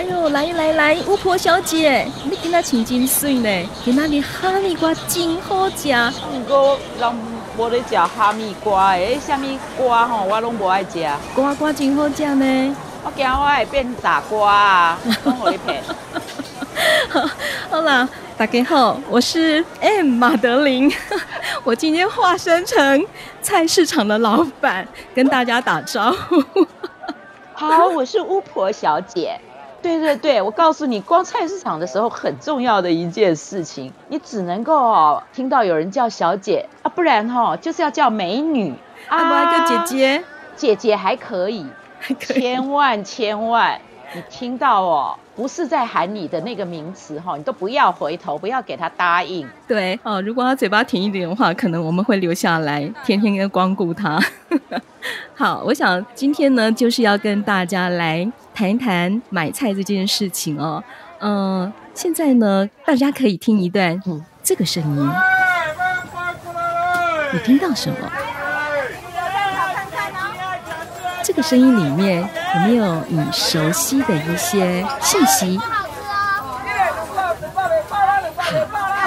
哎呦，來來來，巫婆小姐，你今仔穿真水呢！你仔的哈密瓜真好食。如果人無得吃哈密瓜的，誒，什麼瓜吼，我攏不愛吃。瓜瓜真好食呢，我驚我會變傻瓜啊你 好！好啦，大家好，我是 M 馬德林， 我今天化身成菜市場的老闆，跟大家打招呼。 好，我是巫婆小姐。對對對，我告訴你，逛菜市場的時候很重要的一件事情，你只能夠哦聽到有人叫小姐啊，不然哦就是要叫美女啊，不然、啊、叫姐姐，姐姐還可以，還可以。千萬千萬，你聽到哦，不是在喊你的那個名詞哈、哦，你都不要回頭，不要給他答應。對，哦，如果他嘴巴甜一點的話，可能我們會留下來，天天跟光顧他。 好，我想今天呢，就是要跟大家來。談一談買菜這件事情哦，嗯、呃，現在呢，大家可以聽一段，嗯、這個聲音，嗯、你聽到什麼？這個聲音裡面有沒有你熟悉的一些信息？嗯、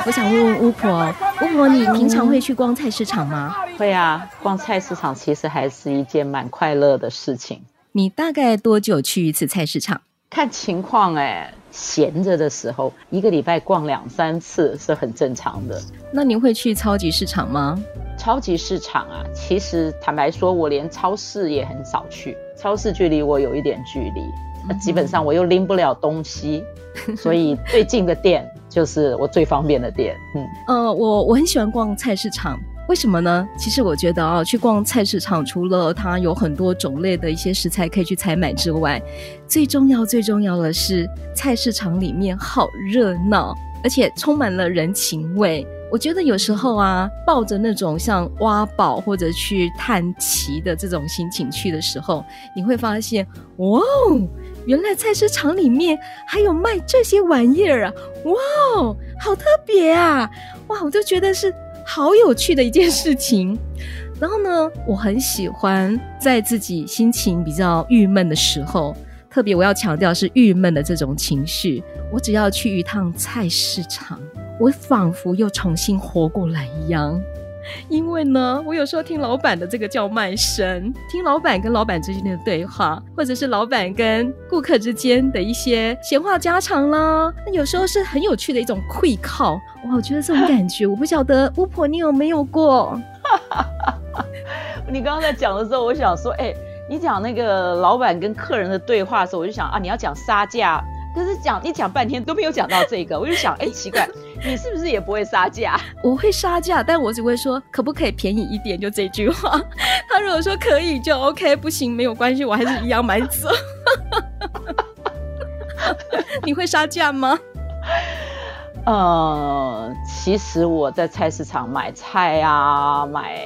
我想問問巫婆，巫婆，你平常會去逛菜市場嗎？嗯、會啊，逛菜市場其實還是一件蠻快樂的事情。你大概多久去一次菜市場？看情況，哎、欸，閒着的時候，一個禮拜逛兩三次是很正常的。那你會去超級市場嗎？超級市場啊，其實坦白說，我連超市也很少去。超市距離我有一點距離，嗯嗯，那基本上我又拎不了東西，所以最近的店就是我最方便的店。嗯， 呃，我我很喜歡逛菜市場。為什麼呢？其實我覺得啊，去逛菜市場，除了它有很多種類的一些食材可以去採買之外，最重要、最重要的是，菜市場裡面好熱鬧，而且充滿了人情味。我覺得有時候啊，抱着那種像挖寶或者去探奇的這種心情去的時候，你會發現，哇哦，原來菜市場裡面還有賣這些玩意兒啊！哇哦，好特別啊！哇，我就覺得是。好有趣的一件事情，然後呢，我很喜歡在自己心情比較鬱悶的時候，特別我要強調是鬱悶的這種情緒，我只要去一趟菜市場，我仿佛又重新活過來一樣。因為呢，我有時候聽老板的這個叫賣聲，聽老板跟老板之間的對話，或者是老板跟顧客之間的一些閒話家常啦，那有時候是很有趣的一種窺靠哇！我覺得這種感覺， 我不曉得巫婆你有沒有過。 你剛剛在講的時候，我想說，哎，你講那個老板跟客人的對話的時候，我就想啊，你要講殺價。可是講一講半天都沒有講到這個， 我就想，哎、欸，奇怪，你是不是也不會殺價？ 我會殺價，但我只會說可不可以便宜一點，就這句話。 他如果說可以就 OK，不行沒有關係，我還是一樣買走。你會殺價嗎？嗯、 呃，其實我在菜市場買菜啊，買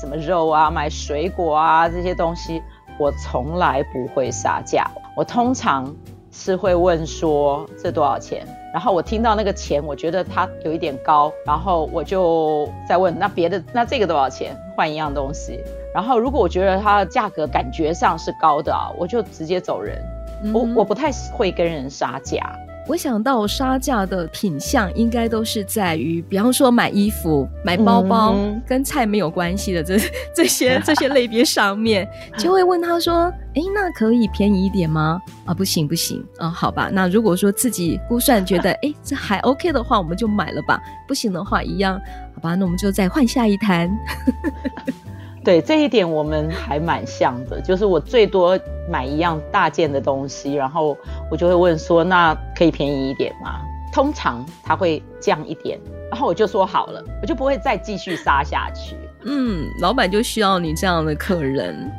什麼肉啊，買水果啊這些東西，我從來不會殺價。我通常。是會問說，這多少錢？然後我聽到那個錢，我覺得它有一點高，然後我就再問，那別的，那這個多少錢，換一樣東西，然後如果我覺得它的價格感覺上是高的啊，我就直接走人，嗯哼，我我不太會跟人殺價。我想到殺價的品項，應該都是在於，比方說買衣服，買包包，嗯、跟菜沒有關係的這這些這些類別上面， 就會問他說：“哎、欸，那可以便宜一點嗎？”啊，不行不行，啊，好吧，那如果說自己估算覺得哎、欸、這還 OK 的話，我們就買了吧。不行的話一樣，好吧，那我們就再換下一攤。 對，這一點我們還蠻像的，就是我最多買一樣大件的東西，然後我就會問說，那可以便宜一點嗎？通常他會降一點，然後我就說好了，我就不會再繼續殺下去。嗯，老闆就需要你這樣的客人。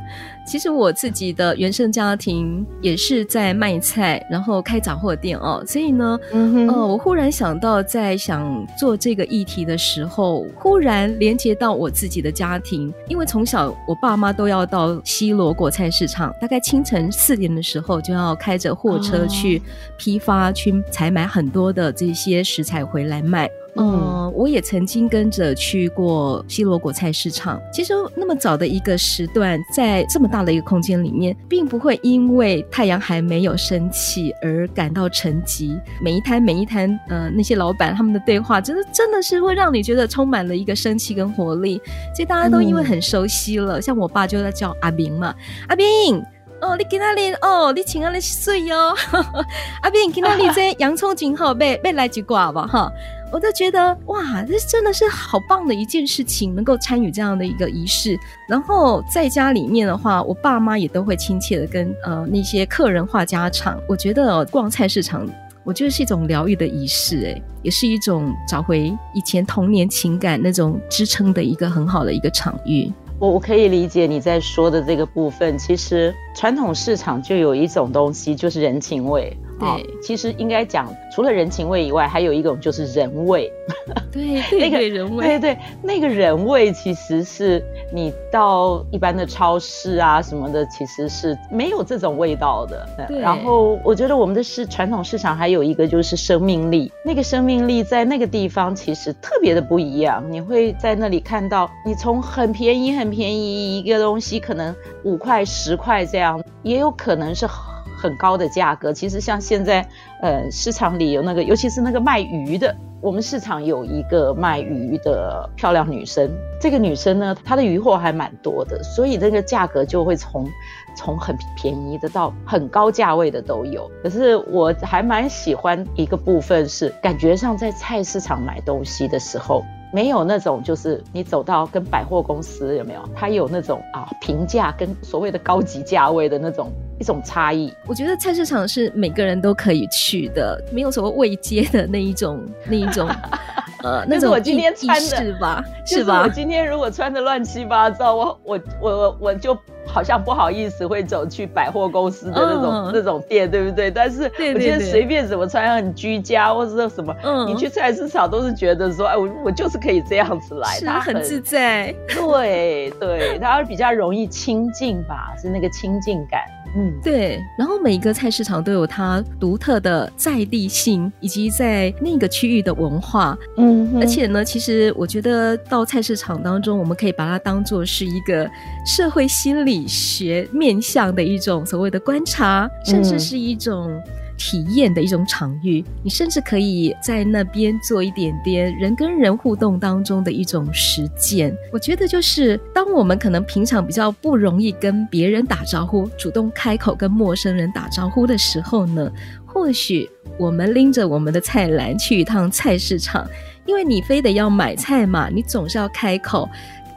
其實我自己的原生家庭也是在賣菜，然後開雜貨店哦，所以呢，嗯哼，呃，我忽然想到，在想做這個議題的時候，忽然連接到我自己的家庭，因為從小我爸媽都要到西螺果菜市場，大概清晨四點的時候就要開着貨車去批發去採買很多的這些食材回來賣。嗯、呃，我也曾經跟着去過西螺果菜市場。其實那麼早的一個時段，在這麼大的一個空間裡面，並不會因為太陽還沒有升起而感到沉寂。每一攤每一攤，呃，那些老板他們的對話，真的真的是會讓你覺得充滿了一個生氣跟活力。所以大家都因為很熟悉了，嗯、像我爸就在叫阿明嘛，阿明哦，你去哪裡？哦，你請阿麗水喲。哦那哦、 阿明，今天你這洋蔥真好買，買買 來幾掛吧哈。我就覺得哇，這真的是好棒的一件事情，能夠參與這樣的一個儀式。然後在家裡面的話，我爸媽也都會親切的跟呃那些客人話家常。我覺得逛菜市場，我覺得是一種療癒的儀式，欸，哎，也是一種找回以前童年情感那種支撐的一個很好的一個場域。我我可以理解你在說的這個部分，其實傳統市場就有一種東西，就是人情味。對、哦，其實應該講，除了人情味以外，還有一種就是人味。對，對 那個人味，對對，對，那個人味其實是你到一般的超市啊什麼的，其實是沒有這種味道的。對、嗯。然後我覺得我們的是傳統市場還有一個就是生命力，那個生命力在那個地方其實特別的不一樣。你會在那裡看到，你從很便宜很便宜一個東西，可能五塊十塊這樣，也有可能是。很高的價格，其實像現在，呃，市場裡有那個，尤其是那個賣魚的，我們市場有一個賣魚的漂亮女生，這個女生呢，她的魚貨還蠻多的，所以那個價格就會從從很便宜的到很高價位的都有。可是我還蠻喜歡一個部分是，感覺上在菜市場買東西的時候，沒有那種就是你走到跟百貨公司有沒有，它有那種啊平價跟所謂的高級價位的那種。一種差異，我覺得菜市場是每個人都可以去的，沒有什麼位階的那一種那一種，呃，那種。我今天穿的吧，是吧？我今天如果穿的亂七八糟，我我我我就好像不好意思會走去百貨公司的那種那種店，對不對？但是我覺得隨便怎麼穿，很居家或者什麼，嗯，你去菜市場都是覺得說，哎，我我就是可以這樣子來，他很自在。對對，他比較容易親近吧，是那個親近感。嗯，對。然後每一個菜市場都有它獨特的在地性，以及在那個區域的文化。嗯哼，而且呢，其實我覺得到菜市場當中，我們可以把它當做是一個社會心理學面向的一種所謂的觀察，甚至是一種。體驗的一種場域，你甚至可以在那邊做一點點人跟人互動當中的一種實踐。我覺得就是，當我們可能平常比較不容易跟別人打招呼，主動開口跟陌生人打招呼的時候呢，或許我們拎着我們的菜籃去一趟菜市場，因為你非得要買菜嘛，你總是要開口。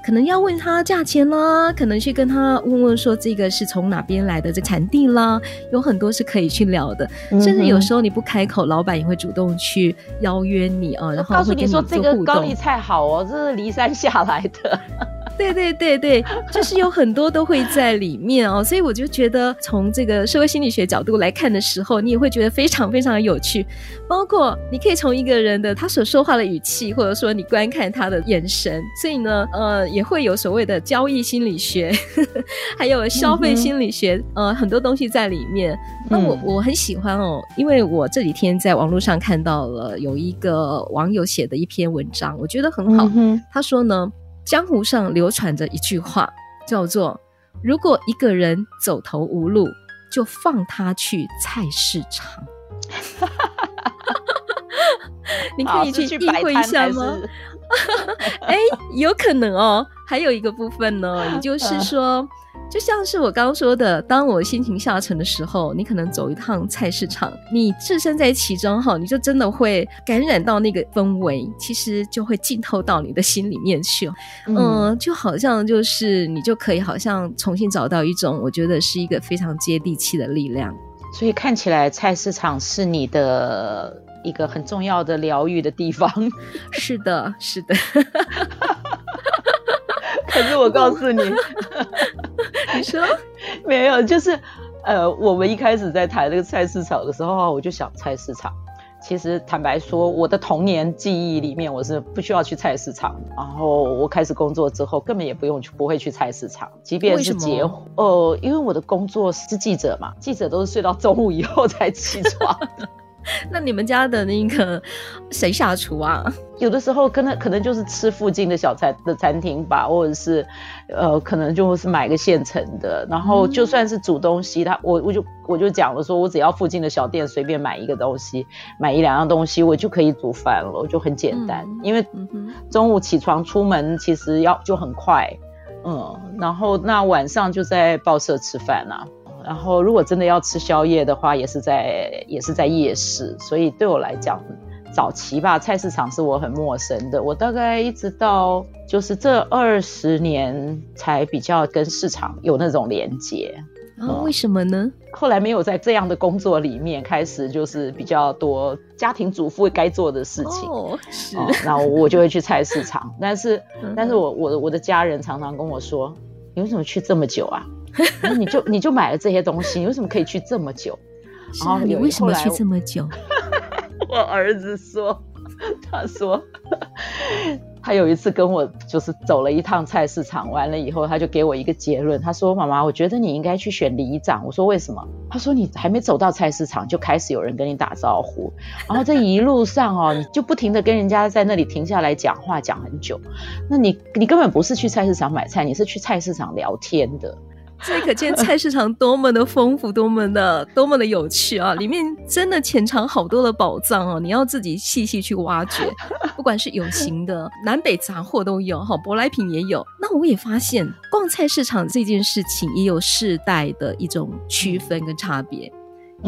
可能要問他價錢啦，可能去跟他問問說，這個是從哪邊來的，這產地啦，有很多是可以去聊的。嗯、哼甚至有時候你不開口，老闆也會主動去邀約你啊，然後、哦、告訴你說，這個高麗菜好哦，這是梨山下來的。 對對對對，就是有很多都會在裡面哦，所以我就覺得從這個社會心理學角度來看的時候，你也會覺得非常非常有趣，包括你可以從一個人的他所說話的語氣，或者說你觀看他的眼神，所以呢，呃，也會有所謂的交易心理學， 還有消費心理學，mm hmm. 呃，很多東西在裡面。那我我很喜歡哦，因為我這幾天在網絡上看到了有一個網友寫的一篇文章，我覺得很好。Mm hmm. 他說呢。江湖上流傳着一句話，叫做：“如果一個人走投無路，就放他去菜市場。” 你可以去體會一下嗎？ 哎，有可能哦。還有一個部分呢、哦，也就是說，就像是我剛說的，當我心情下沉的時候，你可能走一趟菜市場，你置身在其中哈、哦，你就真的會感染到那個氛圍，其實就會浸透到你的心裡面去。嗯、呃，就好像就是你就可以好像重新找到一種，我覺得是一個非常接地氣的力量。所以看起來菜市場是你的。一個很重要的療癒的地方， 是的，是的。 可是我告訴你， 你說 沒有，就是呃，我們一開始在談那個菜市場的時候，我就想菜市場。其實坦白說，我的童年記憶裡面，我是不需要去菜市場，然後我開始工作之後，根本也不用去，不會去菜市場。即便是結婚，哦、呃，因為我的工作是記者嘛，記者都是睡到中午以後才起床。 那你們家的那個誰下廚啊？有的時候可能可能就是吃附近的小餐的餐廳吧，或者是呃，可能就是買個現成的。然後就算是煮東西，他我我就我就講了，說我只要附近的小店隨便買一個東西，買一兩樣東西，我就可以煮飯了，我就很簡單。嗯、因為中午起床出門其實要就很快，嗯，然後那晚上就在報社吃飯啦、啊。然後，如果真的要吃宵夜的話，也是在也是在夜市。所以對我來講，早期吧，菜市場是我很陌生的。我大概一直到就是這二十年，才比較跟市場有那種連接。啊、嗯哦，為什麼呢？後來沒有在這樣的工作裡面，開始就是比較多家庭主婦該做的事情。哦，是。嗯、然後我我就會去菜市場， 但是但是我我的我的家人常常跟我說，你為什麼去這麼久啊？ 那你就你就買了這些東西，你為什麼可以去這麼久？啊、然後，有後你為什麼去這麼久？ 我兒子說，他說他有一次跟我就是走了一趟菜市場，完了以後他就給我一個結論，他說媽媽，我覺得你應該去選里長。我說為什麼？他說你還沒走到菜市場就開始有人跟你打招呼，然後這一路上哦， 你就不停的跟人家在那裡停下來講話，講很久，那你你根本不是去菜市場買菜，你是去菜市場聊天的。所以可見菜市場多麼的豐富， 多麼的多麼的有趣啊！裡面真的潛藏好多的寶藏哦、啊，你要自己細細去挖掘，不管是有形的南北雜貨都有，哈，舶來品也有。那我也發現，逛菜市場這件事情也有世代的一種區分跟差別。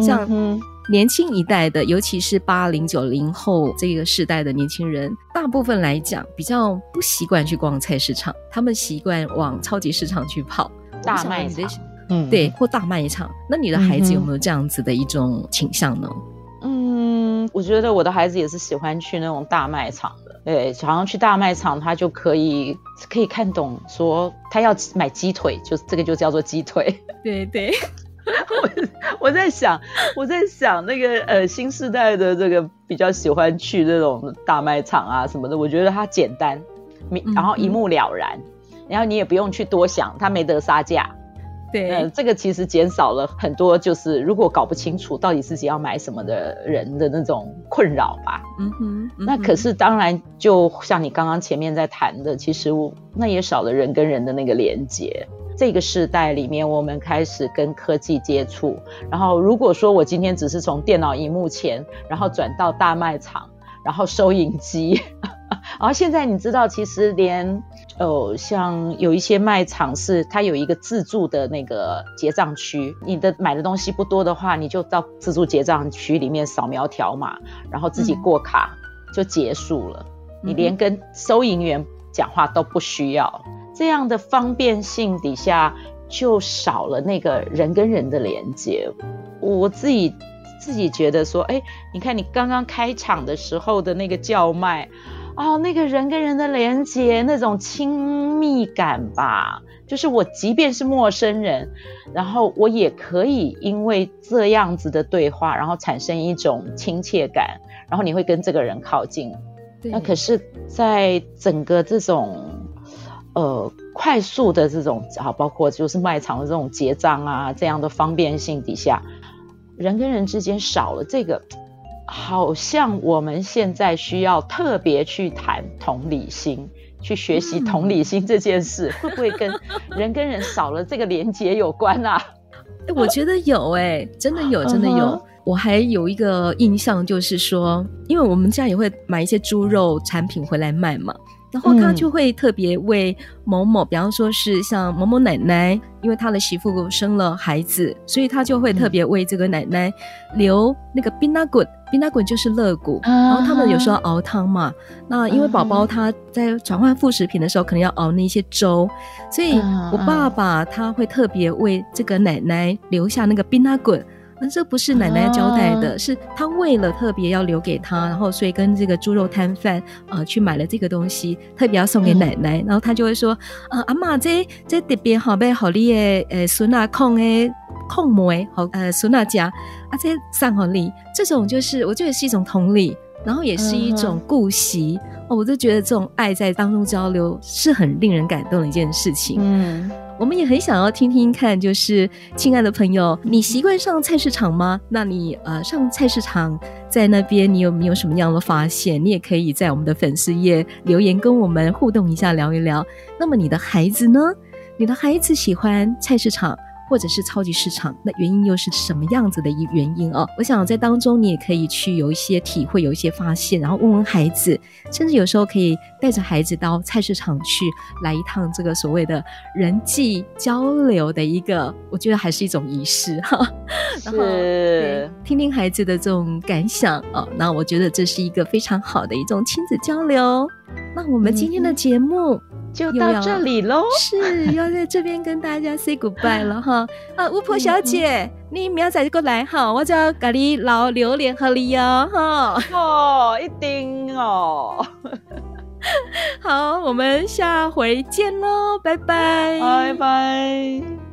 像嗯年輕一代的，尤其是八零九零後這個世代的年輕人，大部分來講比較不習慣去逛菜市場，他們習慣往超級市場去跑。大賣場，嗯，對，或大賣場。那你的孩子有沒有這樣子的一種傾向呢？嗯，我覺得我的孩子也是喜歡去那種大賣場的。對，好像去大賣場，他就可以可以看懂，說他要買雞腿，就這個就叫做雞腿。對對 我。我我在想，我在想那個呃新時代的這個比較喜歡去那種大賣場啊什麼的，我覺得它簡單明，然後一目了然。嗯嗯然後你也不用去多想，他沒得殺價，對，呃，這個其實減少了很多，就是如果搞不清楚到底自己要買什麼的人的那種困擾吧。嗯哼，嗯哼，那可是當然，就像你剛剛前面在談的，其實我那也少了人跟人的那個連接。這個時代裡面，我們開始跟科技接觸。然後如果說我今天只是從電腦熒幕前，然後轉到大賣場，然後收銀機， 然後現在你知道，其實連。哦，像有一些賣場是它有一個自助的那個結賬區，你的買的東西不多的話，你就到自助結賬區裡面掃描條碼，然後自己過卡、嗯、就結束了，你連跟收銀員講話都不需要。嗯、這樣的方便性底下就少了那個人跟人的連接。我自己自己覺得說，哎、欸，你看你剛剛開場的時候的那個叫賣。哦，那個人跟人的連接，那種親密感吧，就是我即便是陌生人，然後我也可以因為這樣子的對話，然後產生一種親切感，然後你會跟這個人靠近。對那可是，在整個這種呃快速的這種啊，包括就是賣場的這種結賬啊，這樣的方便性底下，人跟人之間少了這個。好像我們現在需要特別去談同理心，去學習同理心這件事，嗯、會不會跟 人跟人少了這個連接有關啊？欸、我覺得有誒、欸、 真的有，真的有。Uh huh. 我還有一個印象就是說，因為我們家也會買一些豬肉產品回來賣嘛。然後他就會特別為某某，嗯、比方說是像某某奶奶，因為他的媳婦生了孩子，所以他就會特別為這個奶奶、嗯、留那個冰拿滾，冰拿滾就是肋骨、啊、然後他們有時候熬湯嘛，啊、那因為寶寶他在轉換副食品的時候，啊、可能要熬那些粥，所以我爸爸他會特別為這個奶奶留下那個冰拿滾。這不是奶奶交代的。啊、是她為了特別要留給她，然後所以跟這個豬肉攤販呃去買了這個東西，特別要送給奶奶。嗯、然後她就會說：“呃，阿嬤，這這特邊好，要好你的呃孫，控的控的呃孫啊，控誒，控梅好呃孫啊，家啊這上好禮。”這種就是我覺得是一種同理，然後也是一種顧惜。嗯、哦，我就覺得這種愛在當中交流是很令人感動的一件事情。嗯。我們也很想要聽聽看，就是親愛的朋友，你習慣上菜市場嗎？那你呃上菜市場，在那邊你有沒有什麼樣的發現？你也可以在我們的粉絲頁留言，跟我們互動一下，聊一聊。那麼你的孩子呢？你的孩子喜歡菜市場？或者是超級市場，那原因又是什麼樣子的一原因啊、哦？我想在當中你也可以去有一些體會，有一些發現，然後問問孩子，甚至有時候可以帶着孩子到菜市場去來一趟這個所謂的人際交流的，一個我覺得還是一種儀式哈哈。是然後聽聽孩子的這種感想啊、哦，那我覺得這是一個非常好的一種親子交流。那我們今天的節目。嗯就到這裡嘍，是要在這邊跟大家 say goodbye 了 哈。啊，巫婆小姐，嗯嗯、你不要再過來哈，我就要給你撈榴蓮和你喲、哦、哈。哦，一定哦。 好，我們下回見嘍，拜拜，拜拜。